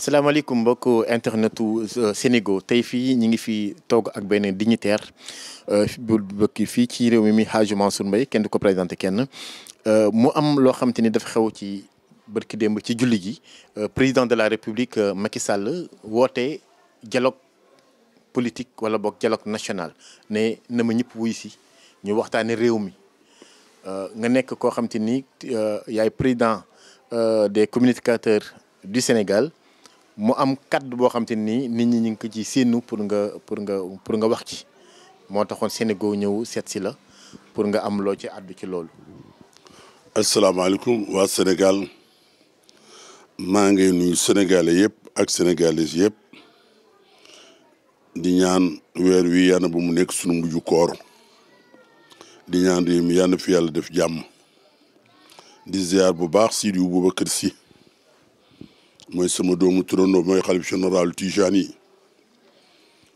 salaamaaleykum mbokk internetu euh, Sénégo tey fii ñu ngi fi toog ak benn dignitaire euh, bu bëkk fii ci réew mi mi Hadj Mansour Mbaye kenn du ko présenté kenn euh, mu am loo xam ni dafa xew ci bërki démb ci julli ji président de la république Macky Sall woote dialogue politique wala boog dialogue national ne na ma ñëpp wuy si ñu waxtaane réew mi nga nekk koo xam te ni yaay président des communicateurs du Sénégal mu am kaddu boo xam te nii nit ñi ñu ngi ko ci séenu pour nga pour nga pour nga wax ci moo taxoon Sénégal ñëw seet si la pour nga am loo ci àddu ci loolu. asalaamaaleykum waa Sénégal maa ngi nuyu sénégalais yëpp ak sénégalaises yëpp di ñaan weer wi yàlla bu mu nekk sunu mujj koor di ñaan réew mi fi yàlla def jàmm di ziar bu baax Sidi Boubacar Sy mooy sama doomu turandoo mooy xalif général Tijaan yi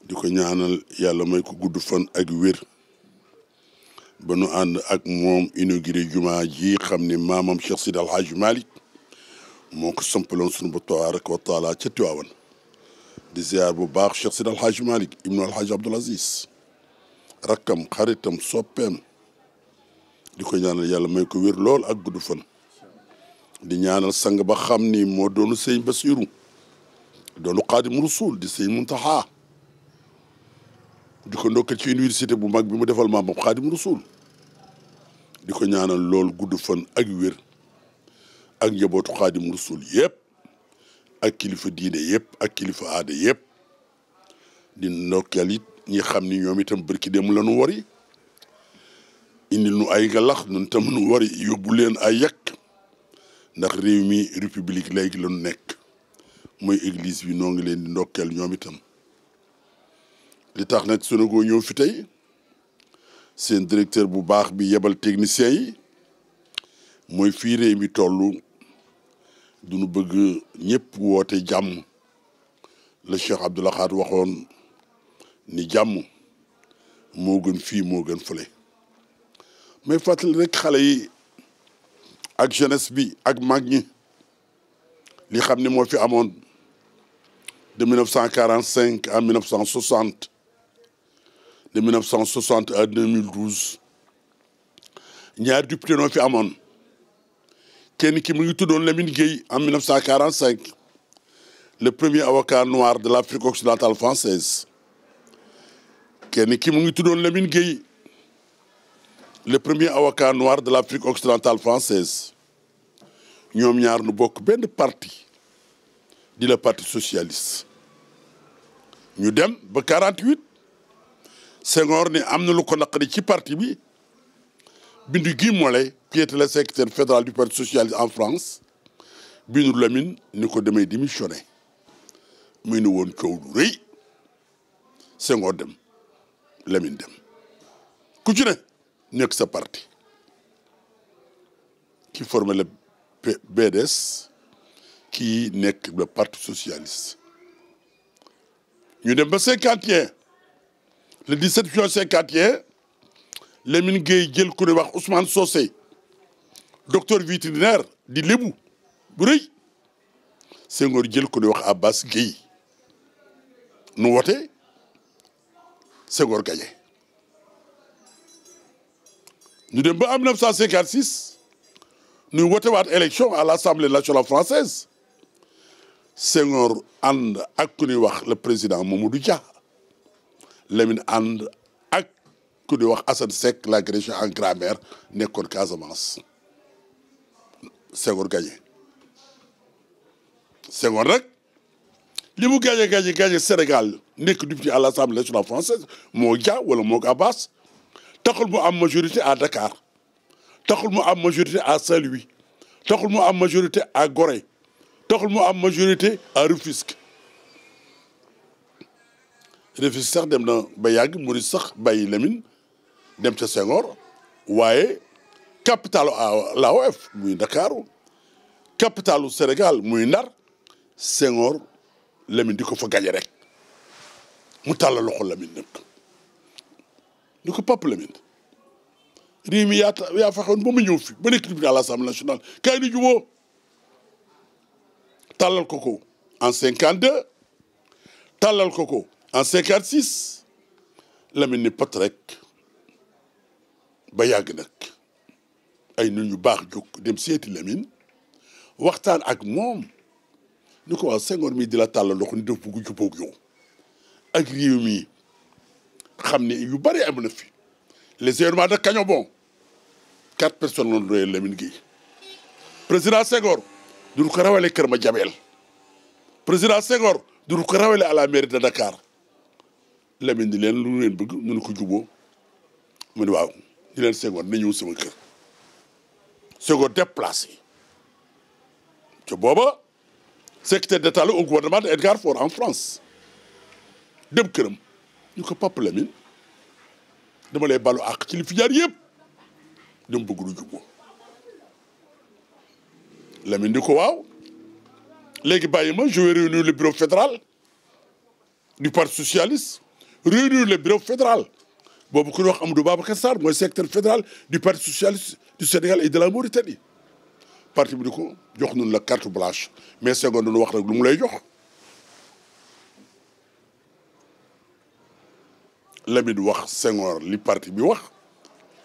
di ko ñaanal yàlla may ko gudd fan ak wir ba nu ànd ak moom inauguré juma ji xam ni maamam Cheikh Sidi El Hadj Malick moo ko sampaloon sunu ba tabaraka wa taala di ziar bu baax Cheikh Sidi El Hadj Malick ibnu El Hadj Abdoul xaritam soppeem di ko ñaanal yàlla may ko wér lool ak gudd fan di ñaanal sang ba xam ni moo doonu sëñ Basiru doonu xaadim rasul di sëñ Muntaxa di ko ndokkal ci université bu mag bi mu defal maamam xaadim rasul di ko ñaanal lool gudd fan ak wér ak njabootu xaadim rasul yépp ak kilifa diine yëpp ak kilifa aada yëpp di ndokkal it ñi xam ni ñoom itam barki dem la nu wari indil nu ay galax nun tam nu wari yóbbu leen ay yàq ndax réew mi république léegi la ñu nekk mooy église bi noo ngi leen di ndokkeel ñoom itam li tax nag Sénégal ñëw fi tey seen directeur bu baax bi yebal technicien yi mooy fii réew mi toll duñu bëgg ñëpp woote jàmm la Cheikh Abdoul Ahad waxoon ni jàmm moo gën fii moo gën fële mais fàttali rek xale yi ak jeunesse bi ak mag ñi li xam ne moo fi amoon de 1945 à 1960 de 1960 à 2012 ñaari député noo fi amoon kenn ki mu ngi tuddoon Lamine Gueye en 1945 le premier avocat noir de l'Afrique occidentale française kenn ki mu ngi tuddoon Lamine Gueye le premier avocat noir de l'Afrique occidentale française ñoom ñaar nu bokk benn parti di la parti socialiste ñu dem ba 48 Senghor ni am na lu ko naqari ci parti bi bindu Guy Mollet qui était le secrétaire fédéral du parti socialiste en France bindu Lamine ni ko demee démissionné muy nu woon coow lu rëy Senghor dem Lamine dem ku ci ne nekk sa parti ki forme la BDS ki nekk le parti socialiste ñu ne ba cinquante et un le 17 juin cinquante et un Lamine Gueye jël ku ne wax Ousmane Socé docteur vétérinaire di lébu bu rëy Senghor jël ku ne wax Abbas Gueye nu wote Senghor gagné ñu dem ba en 1956 ñu wotewaat élection à l'Assemblée nationale française Senghor ànd ak ku ñuy wax le président moom Mamadou ja Lamine ànd ak ku ñuy wax Assane la l'agrégé en grammaire nekkoon Casamance Senghor gagné Senghor rek li mu gagné gagné gagné Sénégal nekk député à l'Assemblée nationale française moo Dia wala à Abbas taxul mu am majorité à Dakar taxul mu am majorité à Saint-Louis taxul mu am majorité à Gorée taxul mu am majorité à Rufisque Rufisque sax dem na ba yàgg mu sax bàyyi Lamine dem ca Senghor waaye capitalu l'AOF muy Ndakaaru capitalu Sénégal muy Ndar Senghor Lamine di ko fa gañe rek mu tàllal loxo Lamine nag ni ko Pape Lamine réew mi yaa ta yaa fexoon ba mu ñëw fi ba nekk tribunal assemblée nationale kaay di juboo tàllal ko ko en cinquante deux tàllal ko ko en cinquante six Lamine ni pat rek ba yàgg nag ay nit ñu baax jóg dem seeti Lamine waxtaan ak moom ni ko waaw Senghor mii di la tàllal loxo ni def bugg jubóog yow ak réew mi xam ne yu bëri am na fi les événements de Kagnon bon quatre personnes lañu doyee Lamine Gueye président Senghor duñu ko rawalee Kër Madiabel président Senghor duñu ko rawalee à la mairie Dakar Lamine ni leen lu ñu leen bëgg ñu ko juboo mu ne waaw ñu leen Senghor na ñëw sama kër Senghor déplacé te booba secrétaire d'état au gouvernement de Edgar Faure en France dem këram ñu ko Papa Lamine dama la balu ak ci li fi jaar yëpp dama bëgg lu juboo Lamine di ko waaw léegi bàyyi ma je vais réunir le bureau fédéral du parti socialiste réunir le bureau fédéral boobu ku ñuy wax du Babacar Sarr mooy secrétaire fédéral du parti socialiste du Sénégal et de la Mauritanie parti bi di ko jox nun la carte blanche mais seconde nu wax rek lu mu lay jox Lamine wax Senghor li parti bi wax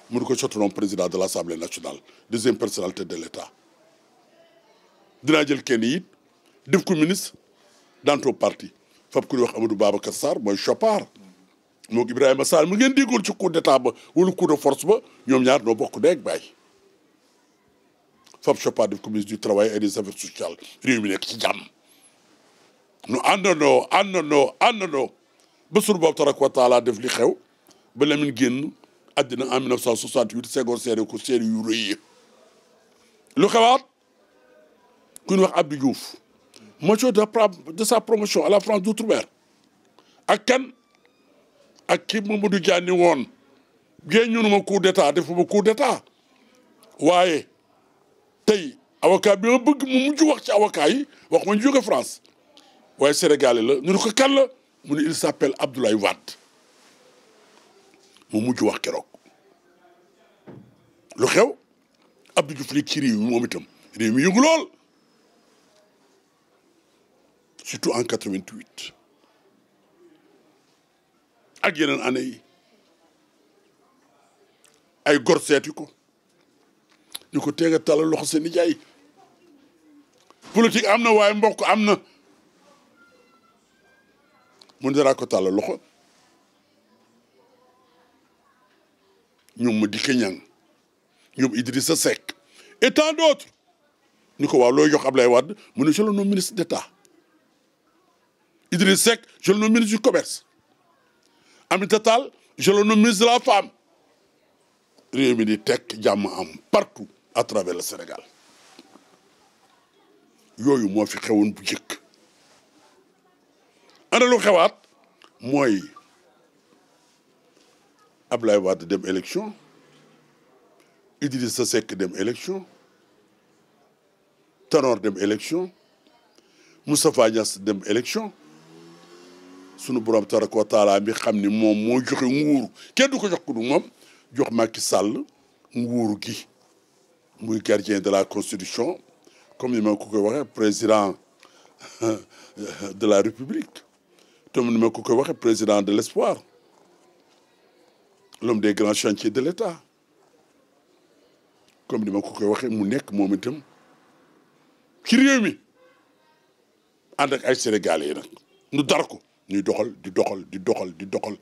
mu ne ko Cotteron président de l' assemblée nationale deuxième personnalité de l' état dinaa jël kenn it def ko ministre dans parti fab ku ñuy wax Amadou Babacar Sarr mooy Chopard moog Ibrahima Sarr mu ngeen déggoon ci coup d' état ba wala coup de force ba ñoom ñaar noo bokk deeg bàyyi fab Chopard du travail et des affaires sociales réew mi ci jàmm nu àndandoo àndandoo àndandoo ba suur boobu tabaraka wa taala def li xew ba Lamine génn àddina en 1968 Senghor seede ko seede yu rëy lu xewaat ku ñu wax Abdou Diouf motion de de sa promotion à la France d'outre-mer ak kan ak ki Mamadou Diagne woon géen ñunu ma coup d'état defu ma coup d'état waaye tey avocat bi ma bëgg mu mujj wax ci avocat wax ma ñu France waaye sénégalais la ñu ne ko mu ne il s'appelle Abdoulaye Wade mu mujj wax keroog lu xew Abdou Diouf nekk ci réew mi moom itam réew mi yëngu lool surtout en 88 ak yeneen année yi ay gor seeti ko ñu ko teega talal loxo seen nijaay politique am na waaye mbokk am na mu ne danaa ko tàllal loxo ñoom Madické Niang ñoom Idrissa Seck et tant d'autres ko waaw looy jox Ablaye Wade mu ne je le nomme ministre d'État Idrissa Seck je le nomme ministre du commerce Aminata Tall je le nomme ministre de la femme di teg jàmm am partout à travers le Sénégal moo fi xewoon bu njëkk ana lu xewaat mooy Ablaye Wade dem élection Idrissa Seck dem élection Tanor dem élection Moustapha Niass dem élection sunu borom tabaraka wa taala bi xam ni moom moo joxe nguuru kenn du ko jox ku du moom jox Macky Sall nguuru gi muy gardien de la constitution comme ni ma ko koy président de la république te ni ma ko koy waxee président de l'espoir l'homme de grands chantiers de l'État comme ni ma ko koy waxee mu nekk moom itam ci réew mi ay Sénégalais yi nag nu dar ko ñuy doxal di doxal di doxal di doxal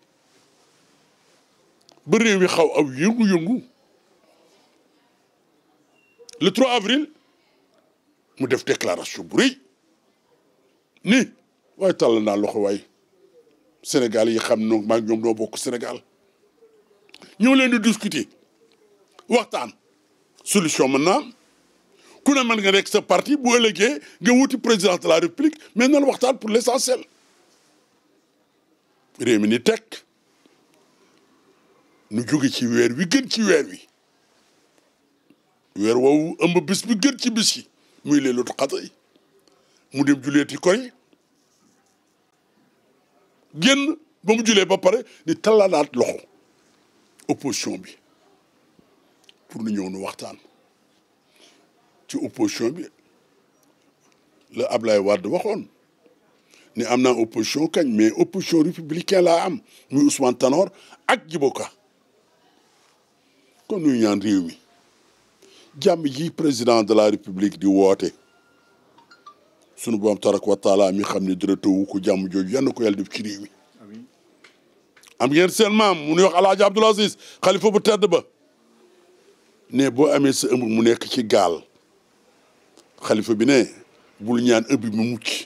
ba mi xaw aw yëngu-yëngu le trois avril mu def déclaration bu rëy ni waaye tàll naa loxo waay Sénégal yi xam noonu maa ngi ñoom noo bokk Sénégal ñoo leen di discuter waxtaan solution mën naa ku ne mën ga nekk sa parti bu ëllëgee nga wuti président de la république mais nan waxtaan pour l'essentiel réew mi ni teg nu jóge ci weer wi gën ci weer wi weer woowu ëmb bis bi gën ci bis yi muy leelu tu xata yi mu dem koy génn ba mu julee ba pare di tallalaat loxo opposition bi pour nu ñëw nu waxtaan ci opposition bi la Ablaye Wade waxoon ni am na opposition kañ mais opposition républicain laa am muy Ousmane Tanor ak Djibo Ka kon nuy ñaan réew mi jàmm ji président de la république di woote sunu borom tabaraka wa taala mi xam ne dara tawu ko jàmm jooju yal na ko yàlla def ci réew mi am ngeen seen maam mu nuy wax alaaji bu tedd ba ne boo amee sa ëmb mu nekk ci gaal xalifa bi ne bul ñaan ëmb mu mucc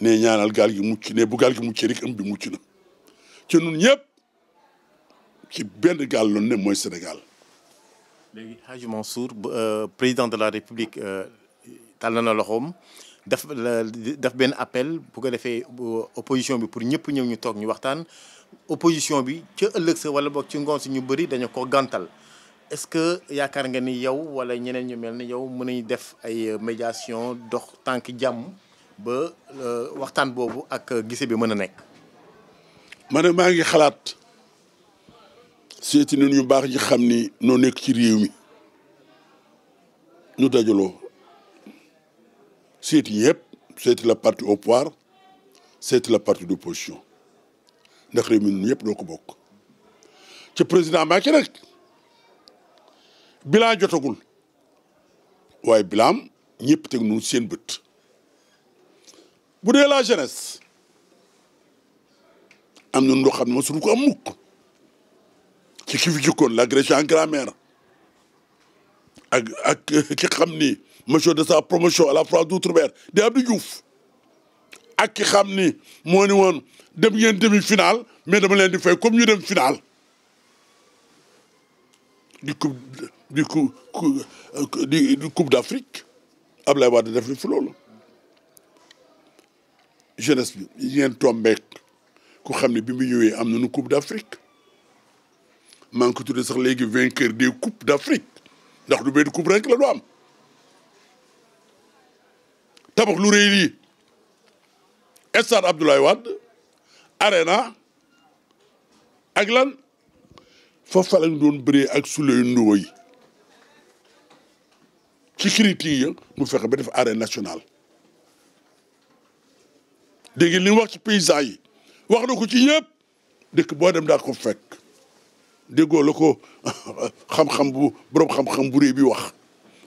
ne ñaanal gaal gi mucc ne bu gaal gi mucc rek mucc na ci nun ñëpp ci benn gaal loon ne mooy Sénégal euh, président de la République euh, tàll na loxoom daf daf benn appel bu ko defee opposition bi pour ñëpp ñëw ñu toog ñu waxtaan opposition bi ca ëllëg sa wala boog ci ngoon si ñu bëri dañu ko gantal est-ce que yaakaar nga ni yow wala ñeneen ñu mel ni yow mën nañu def ay médiation dox tànk jàmm ba euh, waxtaan boobu ak gise bi mën a nekk ma ne maa ngi xalaat seeti nun ñu baax ñi xam ni noo nekk ci réew mi nu dajaloo seeti yëpp seeti la parti au pouvoir seet la parti de ndax réew mi ñun ñëpp doo ko bokk ci président Macky rek bilan jotagul waaye bilan ñëpp teg nun seen bët bu dee la jeunesse am na loo xam ne ma suñu ko am mukk ci ki fi jikkoon l'agression en grand ak ak ki xam ni monsieur de sa promotion à la France d'outre-mer di Abdou ak ki xam ni moo ni woon dem ngeen demi final mais dama leen di fay comme ñu dem final di coupe di coupe di coupe d'Afrique Ablaye def li fu loolu jeunesse bi ngeen tombeek ku xam ne bi mu ñëwee am nañu coupe d'Afrique maa ngi ko tuddee sax léegi vainqueur des coupes d'Afrique ndax du benn coupe rek la du am tabax lu rëy lii stade Abdoulaye Wade arena ak lan foofa lañ doon bëree ak Souley Ndoye ci critique ya mu fexe ba def arène national dégg li mu wax ci paysan yi wax na ko ci ñëpp dëkk boo dem daa ko fekk déggoo la ko xam-xam bu borom xam-xam bu réy bi wax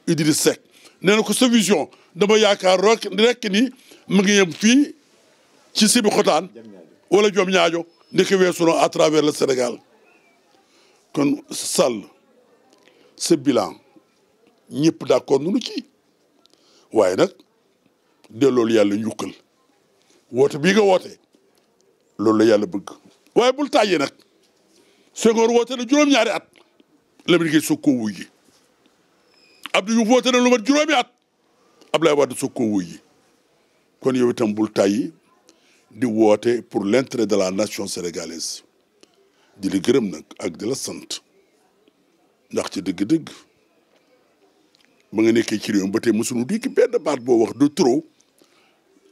Idriss Seck nee na ko solution dama yaakaar rek rek ni mu ngi yem fii ci Sébikotane wala Diom ñaajo ndeke weesu na à travers le Sénégal kon Sall ce bilan ñëpp d'accord nunu ci waaye nag loolu yàlla njukkal woote bii nga woote loolu la yàlla bëgg waaye bul tàyyee nag Senghor woote na juróom-ñaari at Lamine Gueye soog koo wuy ji Abdou Diouf woote na lu mat juróomi at Abdoulaye Wade soog koo wuyu kon yow itam bul tàyyi di woote pour l'intérêt de la nation sénégalaise di la gërëm nag ak di la sant ndax ci dëgg-dëgg ba nga nekkee ci réew mi ba tey mosuñu di ki benn baat boo wax du trop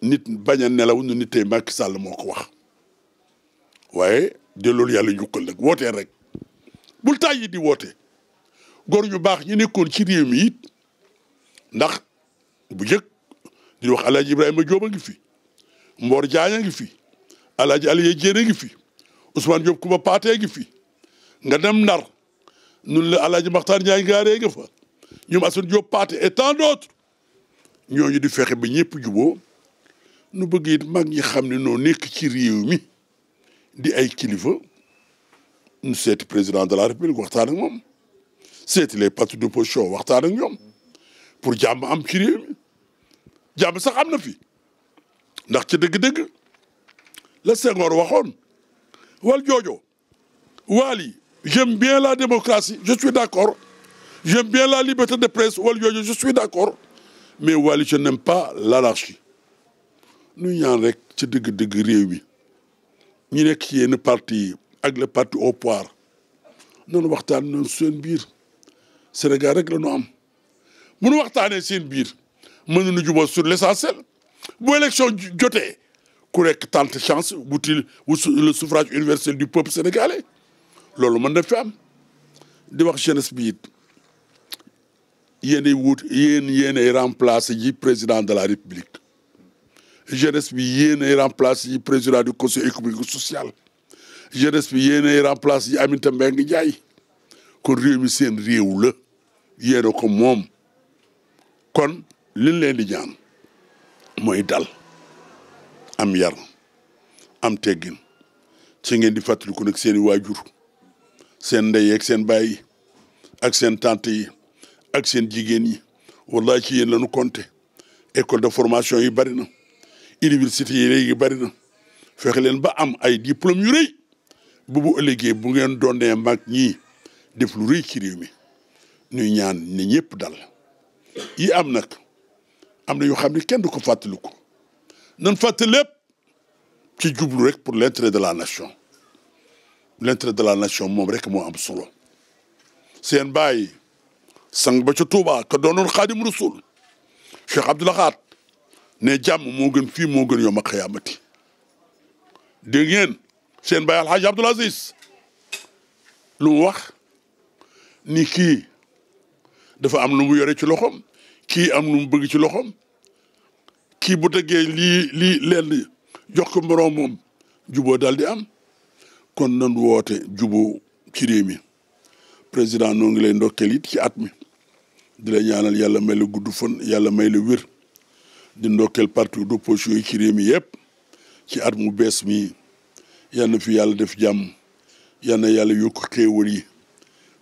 nit bañ a nelaw ñu nit tey Macky Sall moo ko wax waaye de loolu yàlla njukkal nag wootee rek bul tàyyi di woote gor ñu baax ñu nekkoon ci réew mi ndax bu njëkk di wax alhaji Ibrahima Diop a ngi fi Mboor Diagne ngi fi alaaji Aliou Dieng a ngi fi Ousmane Diop Kuba Paate ngi fi nga dem Ndar nun la alaaji Maxtaar Ndiaye gaaree ngi fa ñoom Assane Diop Paate et tant d'autres ñooñu di fexe ba ñëpp juboo nu bëgg it mag ñi xam ne noo nekk ci réew mi di ay kilifa ñu seeti président de la république waxtaan ak moom seeti les partis d'opposition waxtaan ak ñoom pour jàmm am ci réew mi jàmm sax am na fi ndax ci dëgg-dëgg la Senghor waxoon wal joojo waali j'aime bien la démocratie je suis d'accord j'aime bien la liberté de presse wal joojo je suis d'accord mais waali je n'aime pas l'anarchie ñu ñaan rek ci dëgg-dëgg réew mi ñu nekk ci yenn parti ak le parti au pouvoir noonu waxtaan noonu seen biir Sénégal rek la ñu am munu waxtaanee seen biir nu mënuñu jubóo sur l'essentiel bu élection jote ku nekk tente chance wutil le suffrage universel du peuple sénégalais loolu mën na fi am di wax jeunesse bi it yéenay wut yéen yéenay remplacer yi président de la république jeunesse bi yéenay remplacer yi président du conseil économique social jeunesse bi yéenay remplacer yi Aminata Mbengue Ndiaye kon réew mi seen réew la yéena ko moom kon liñ leen di ñaan mooy dal am yar am teggin ci ngeen di fàttaliku nag seen i waajur seen ndey seen baay yi ak seen tante yi ak seen jigéen yi wallahi ci yéen lanu compté école de formation yi bari na université yi léegi bari na fexe leen ba am ay diplôme yu rëy bu bu ëllëgee bu ngeen doonee mag ñii def lu rëy ci réew mi ñuy ñaan ne ñëpp dal yi am nag am na yoo xam ne kenn du ko fàttaliku nan fàttali lépp ci jublu rek pour l'intérêt de la nation l'intérêt de la nation moom rek moo am solo seen baay sang ba ca Touba ka doonoon xaadim rasul Cheikh Abdou Lahad ne jàmm moo gën fii moo gën yom a xiyaamati seen bàyyi alxaaji Abdoul lu mu wax ni kii dafa am lu mu yore ci loxoom kii am lu mu bëgg ci loxoom kii bu tëggee lii lii lenn jox ko moroom moom juboo daal di am kon nan woote juboo ci réew mi président noo ngi lay ndokkeel it ci at mi di la ñaanal yàlla may la gudd fan yàlla may la wér di ndokkeel parti d'opposition yi ci réew mi yëpp ci at mu bees mi yal fi yàlla def jàmm yal yàlla yokk xéewal yi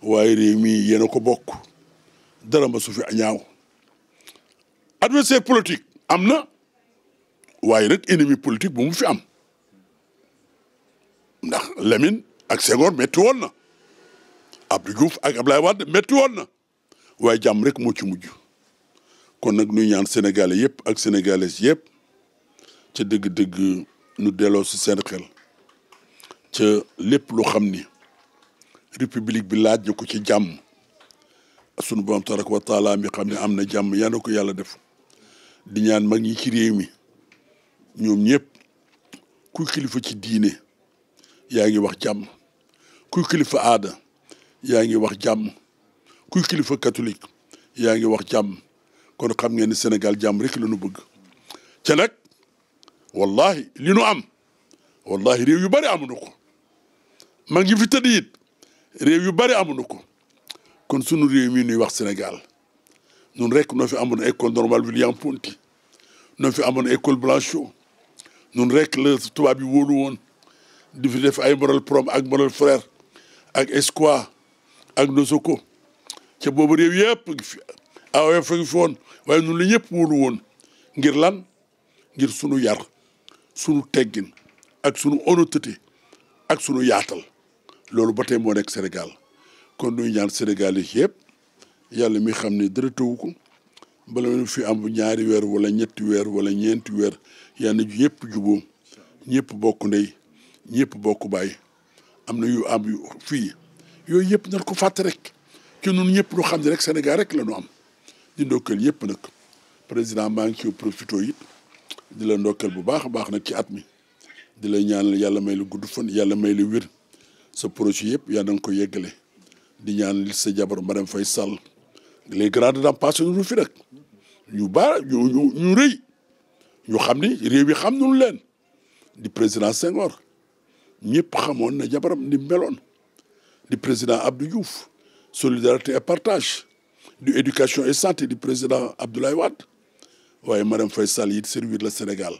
waaye réew mi yéen a ko bokk dara ma su fi ñaaw adversaire politique am na waaye nag ennemi politique bu mu fi am ndax Lamine ak Senghor métti woon na Abdou Diouf ak Ablaye Wade métti woon na waaye jàmm rek moo ci mujj kon nag nuy ñaan sénégalais yëpp ak sénégalaises yëpp ca dëgg-dëgg nu delloo si seen xel ca lépp loo xam ni république bi laaj ñu ko ci jàmm sunu borom tabaraka mi xam ne am na jàmm yal na ko yàlla def di ñaan mag ñi ci réew mi ñoom ñëpp kuy kilifa ci diine yaa ngi wax jàmm kuy kilifa aada yaa ngi wax jàmm kuy kilifa yaa ngi wax jàmm kon xam ngeen senegal Sénégal jàmm rek la bëgg ca wallahi li am wallahi réew yu bari amuñu ko mag ñi fi tëdd it réew yu bari amuñu ko kon sunu réew mii nuy wax Sénégal ñun rekk noo fi amoon école normale William Ponty noo fi amoon école Blanchot ñun rek la tubaab yi wóolu woon di fi def ay moral prom ak moral frère ak espoir ak nosoko ca boobu réew yëpp ngi fi AOF ngi fi woon waaye ñun la ñëpp wóolu woon ngir lan ngir sunu yar sunu teggin ak sunu honnêteté ak sunu yaatal loolu ba tey moo Sénégal kon duñu ñaan Sénégal yi yëpp yàlla mi xam ne dara tëwu ko bala fi am ñaari weer wala ñetti weer wala ñeenti weer yàlla na ñëpp jubóo ñëpp bokk ndey ñëpp bokk baay am na yu am yu yooyu yëpp nañ ko fàtte rek ci ñëpp ñu xam rek Sénégal rek la ñu am di ndokkal ñëpp nag président maa ngi ciy profité it di la ndokkal bu baax a baax nag ci at mi di la ñaanal yàlla may lu gudd fan yàlla may lu wér sa projet yëpp yaa nga ko yeggale. di ñaan li sa jabar Marème Faye Sall les grandes dames passé ñu fi nag ñu baar ñu ñu ñu xam ni réew yi xam nañu leen di président Senghor ñëpp xamoon na jabaram ni meloon di président Abdou Diouf solidarité et partage du éducation et santé du président Abdoulaye Wade waaye Marème Faye Sall yi servir le Sénégal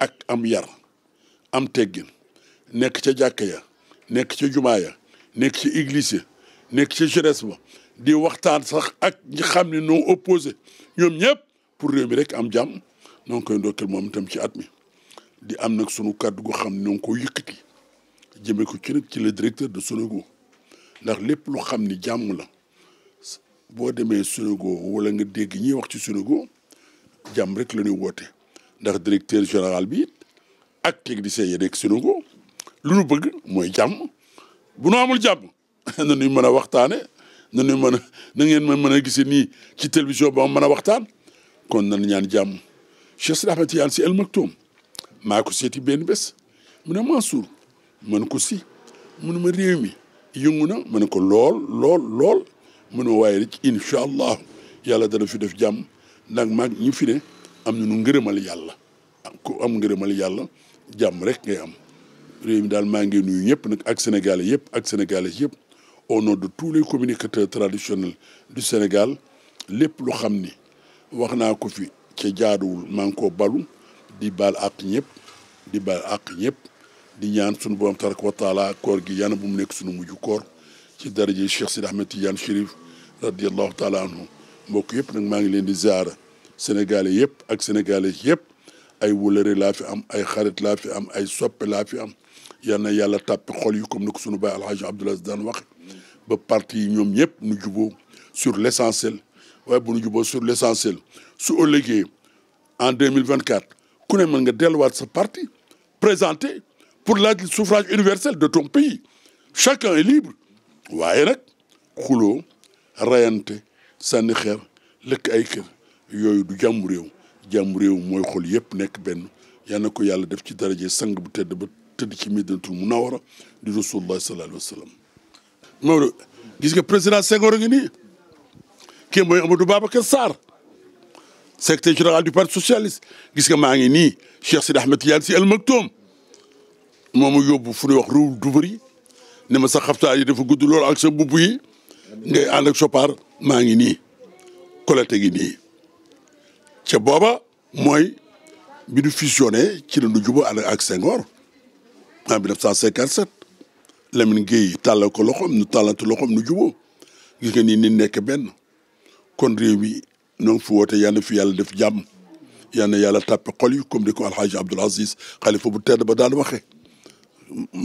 ak am yar am teggin nekk ca jàkka ya nekk ca jumaa ya nekk ci église nekk ci jeunesse ba di waxtaan sax ak ñi xam ne noo opposé ñoom ñëpp pour réew mi rek am jàmm noo ngi koy ndokkeel moom itam ci at mi di am nag sunu kàddu goo xam ne noo ngi ko yëkkati jëmee ko ci nag ci le directeur de Sonago ndax lépp lu xam ni jàmm la boo demee Sonago wala nga dégg ñiy wax ci Sonago jàmm rek la ñuy woote ndax directeur général bi ak technicien yi nekk Sonago lu nu bëgg mooy jàmm bu nu amul jàmm na ñuy mën a waxtaane na ñuy mën a na ngeen ma mën a gisee nii ci télévision ba mën a waxtaan kon nañu ñaan jàmm Cheikh Sidi Ahmed Tidiane Sy El Maktoum maa ko seeti benn bés mu ne Mansour mën ko si munu ma réew mi yëngu na ma ne ko lool lool lool munu waaye rek incha allah yàlla dana fi def jàmm ndax mag ñu fi ne am nañu ngërëmal yàlla ku am ngërëmal yàlla jàmm rek ngay am réew mi daal maa ngi nuyu ñëpp nag ak sénégalais yëpp ak sénégalais yëpp au nom de tous les communicateurs traditionnels du Sénégal lépp lu xam ni wax naa ko fi ca jaaduwul maa ngi koo balu di baal àq ñëpp di baal àq ñëpp di ñaan sunu borom tabaraka wa taala koor gi yàlla bu mu nekk sunu mujj koor ci daraje Cheikh Sidi Ahmed Tidiane Chérif radiallahu taala anhu mbokk yëpp nag maa ngi leen di ziara sénégalais yëpp ak sénégalais yëpp ay wulëre laa fi am ay xarit laa fi am ay soppe laa fi am yal na yàlla tàppi xol yi comme ni ko sunu baay alhaji Abdoulaye daan wax ba parti yi ñoom ñëpp nu juboo sur l' essentiel waaye bu nu juboo sur l' essentiel su ëllëgee en deux mille vingt quatre ku ne mën nga delluwaat sa parti présenté pour laaj suffrage universel de ton pays chacun est libre waaye nag xuloo rayante sànni xeer lëkk ay kër yooyu du jàmm réew jàmm réew mooy xol yëpp nekk benn yal na ko yàlla def ci daraje sang bu tedd ba tëdd ci Medinatul Munawara di Rasulullah sallallahu alayhi wa sallam gis nga président Senghor a ngi nii kii mooy Amadou Babacar Sarr secrétaire général du parti socialiste gis nga maa ngi nii Cheikh Sidi Ahmed Tidiane Sy Al Maktoum moo ma yóbbu fu ñuy wax réew ne ma sa xaftaan yi dafa gudd lool ak sa mbubb yi ngay ànd ak sopaar maa ngi nii collecte gi nii ca booba moy bi ñu fusionné ci la ñu jubóo ànd ak Senghor Ah, en 1957 Lamine Gueye tàllal ko loxoom nu tàllante loxoom nu juboo gis nga nii ni nekk benn kon réew mi ñoo ngi fi na fi yàlla def jàmm yal na yàlla tàppe xol yi comme ni ko alxaaji Abdoul Aziz bu tedd ba daan waxee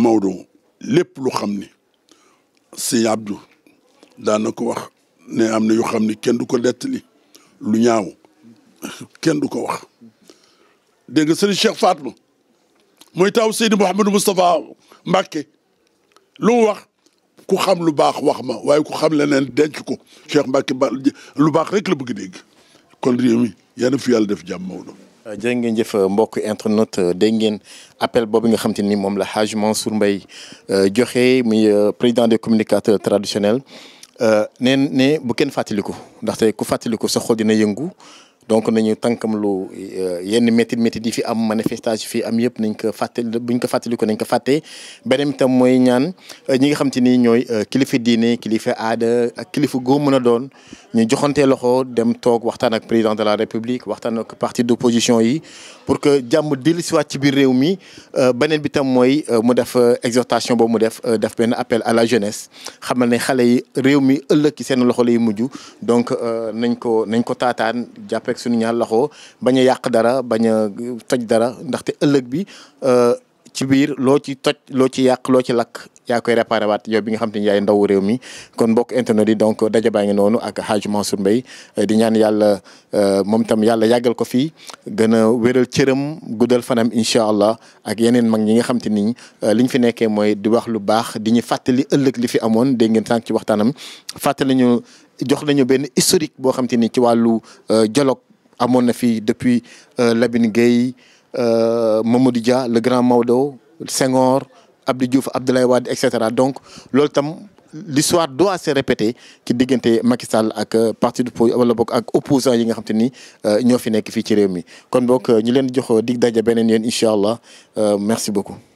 Maodo lépp lu xam ni sëñ Abdou daan na ko wax ne am na yu xam ni kenn du ko nettali lu ñaaw kenn du ko wax dégg nga sëñ Cheikh Fatma mooy taaw Seydi Mouhamadou Moustapha Mbacke lu wax ku xam lu baax wax ma waaye ku xam leneen denc ko Cheikh Mbacke ba lu baax rek la bëgg dégg kon réew mi yal na fi yàlla def jàmm Maodo. Euh, jërë ngeen jëf euh, mbokk internaute euh, dégg ngeen appel boobu nga xam te ni moom la Hadj Mansour Mbaye joxe mi président des communicateurs traditionnels neen ne bu kenn fàttaliku ndaxte ku fàttaliku sa xol dina yëngu. donc nañu tànkam lu euh, yenn métit métit yi fi am manifestation fi am yëpp nañ ko fàtte buñ ko fàttali ko nañ ko fàtte beneen tam mooy ñaan euh, ñi nga xam ni ñooy euh, kilifa diine kilifa aada ak kilifa goo mën a doon ñu joxante loxo dem toog waxtaan ak président de la république waxtaan ak parti d'opposition yi pour que jàmm dellu siwaat ci biir réew mi beneen bi tam mooy mu def exhortation boobu mu def def benn appel à la jeunesse xamal ne xale yi réew mi ëllëg ci seen loxo lay mujj donc nañ ko nañ ko taataan suñu ñaar loxo bañ a yàq dara bañ a toj dara ndaxte ëllëg bi euh, ci biir loo ci toj loo ci yàq loo ci lakk yaa koy réparé waat yow bi nga xam te ni yaay ndawu réew mi kon mbokk internet yi donc daje baa ngi noonu ak Hadj Mansour Mbaye euh, di ñaan yàlla euh, moom tam yàlla yàggal ko fii gën a wéral cëram guddal fanam incha allah ak yeneen mag ñi nga xam te ni liñ fi nekkee mooy di wax lu baax di ñu fàttali ëllëg li fi amoon dégg ngeen sànq ci waxtaanam fàttali ñu jox lañu benn historique boo xam ni ci wàllu dialogue amoon na fi depuis euh, Lamine Gueye euh, Mamadou Dia le grand Maodo Senghor Abdou Diouf Abdoulaye waad et cetera donc loolu tam l'histoire doit se répéter ci diggante Macky Sall ak euh, parti du wala bokk ak opposant yi nga xam te ni ñoo fi nekk fii ci réew mi kon boog ñu leen jox dig daje beneen yoon incha merci beaucoup.